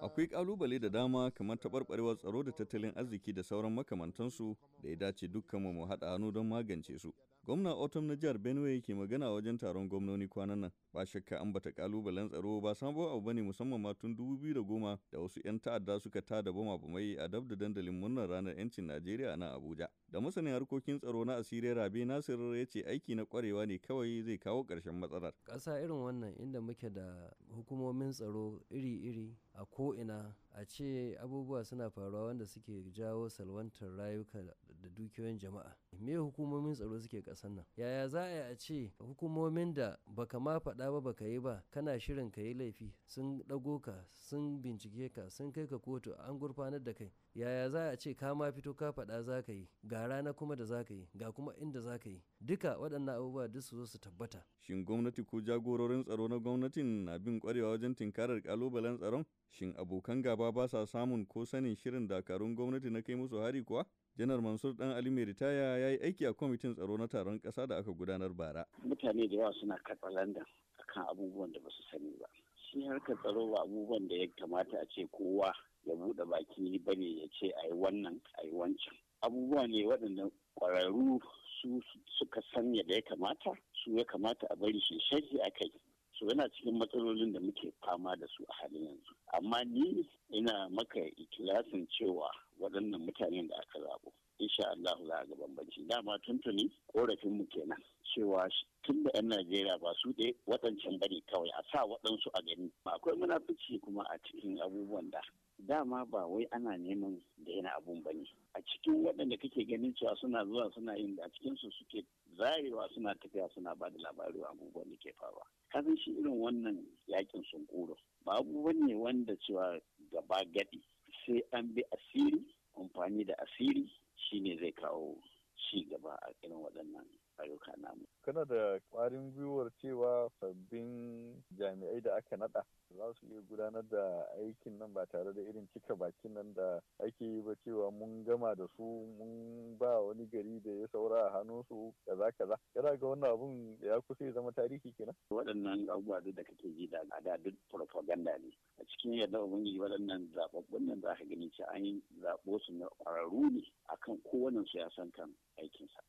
Akwai ƙalubale da dama kamar taɓarɓarewar tsaro da tattalin arziki da sauran makamantansu da ya dace dukkanmu mu haɗa hannu don magance su. Gwamna Otom na jihar Benue ke magana wajen taron gwamnoni kwanan nan. Ba shakka an bata kalubalen tsaro ba sabo abu bane musamman ma tun 2010 da goma da wasu 'yan ta'adda suka ta da bama mai a dab da dandalin murnar ranar 'yancin Najeriya na Abuja. Da masanin harkokin tsaro na asire Rabe Nasir ya ce aiki na kwarewa ne kawai zai kawo karshen matsalar. Ƙasa irin wannan inda muke da hukumomin tsaro iri-iri a ko-ina, a ce abubuwa suna faruwa wanda suke jawo salwantar rayuka da dukiyoyin jama'a. Me hukumomin tsaro suke kasan nan yaya za a ce hukumomin da baka ma faɗa ba baka yi ba kana shirin ka yi laifi sun ɗago ka sun bincike ka sun kai ka kotu an gurfanar da kai yaya za a ce ka ma fito ka faɗa za ka yi ga rana kuma da za ka yi ga kuma inda za ka yi duka waɗannan abubuwa duk su zo su tabbata shin gwamnati ko jagororin tsaro na gwamnatin na bin kwarewa wajen tinkarar kalubalen tsaron shin abokan gaba ba sa samun ko sanin shirin dakarun gwamnati na kai musu hari kuwa janar mansur dan ali mai ritaya ya yi aiki a kwamitin tsaro na taron ƙasa da aka gudanar bara. Mutane da yawa suna katsalandan kan abubuwan da ba su sani ba. Shi harkar tsaro ba abubuwan da ya kamata a ce kowa ya buɗe baki bane ya ce a yi wannan a yi wancan. Abubuwa ne waɗanda ƙwararru su suka sanya da ya kamata su ya kamata a bari shi sharhi a kai. So yana cikin matsalolin da muke fama da su a halin yanzu. Amma ni ina maka ikilasin cewa waɗannan mutanen da aka zaɓo insha Allah za a ga bambanci dama tuntuni korafin mu kenan cewa tun da 'yan Najeriya ba su ɗaya waɗancan bane kawai a sa waɗansu a gani akwai munafici kuma a cikin abubuwan da dama ba wai ana neman da yana abun bani. a cikin waɗanda kake ganin cewa suna zuwa suna yin da a cikin su suke zarewa suna tafiya suna ba da labari abubuwan da ke faruwa kasan shi irin wannan yakin sun kuro ba abubuwan ne wanda cewa gaba gadi sai an bi asiri amfani da asiri shi ne zai kawo ci gaba a irin waɗannan ayyuka namu. Kana da ƙwarin gwiwar cewa sabbin jami'ai da aka naɗa za su iya gudanar da aikin nan ba tare da irin cika bakin nan da ake yi ba cewa mun gama da su mun ba wani gari da ya saura a hannunsu kaza kaza yana ga wannan abun ya kusa zama tarihi kenan waɗannan abubuwa duk da kake ji da da duk propaganda ne a cikin yadda ubangiji waɗannan zaɓaɓɓun nan za ka gani ce an yi zaɓo su na ƙwararru ne akan kowannen su ya san kan aikinsa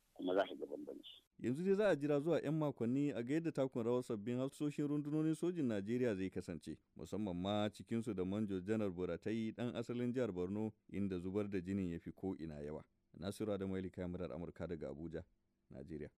yanzu dai za a jira zuwa 'yan makonni a ga yadda takun rawar sabbin hafsoshin rundunonin sojin najeriya zai kasance musamman ma cikinsu da manjo janar buratai dan asalin jihar borno inda zubar da jinin ya fi ko ina yawa nasiru da mailika kamarar amurka daga abuja najeriya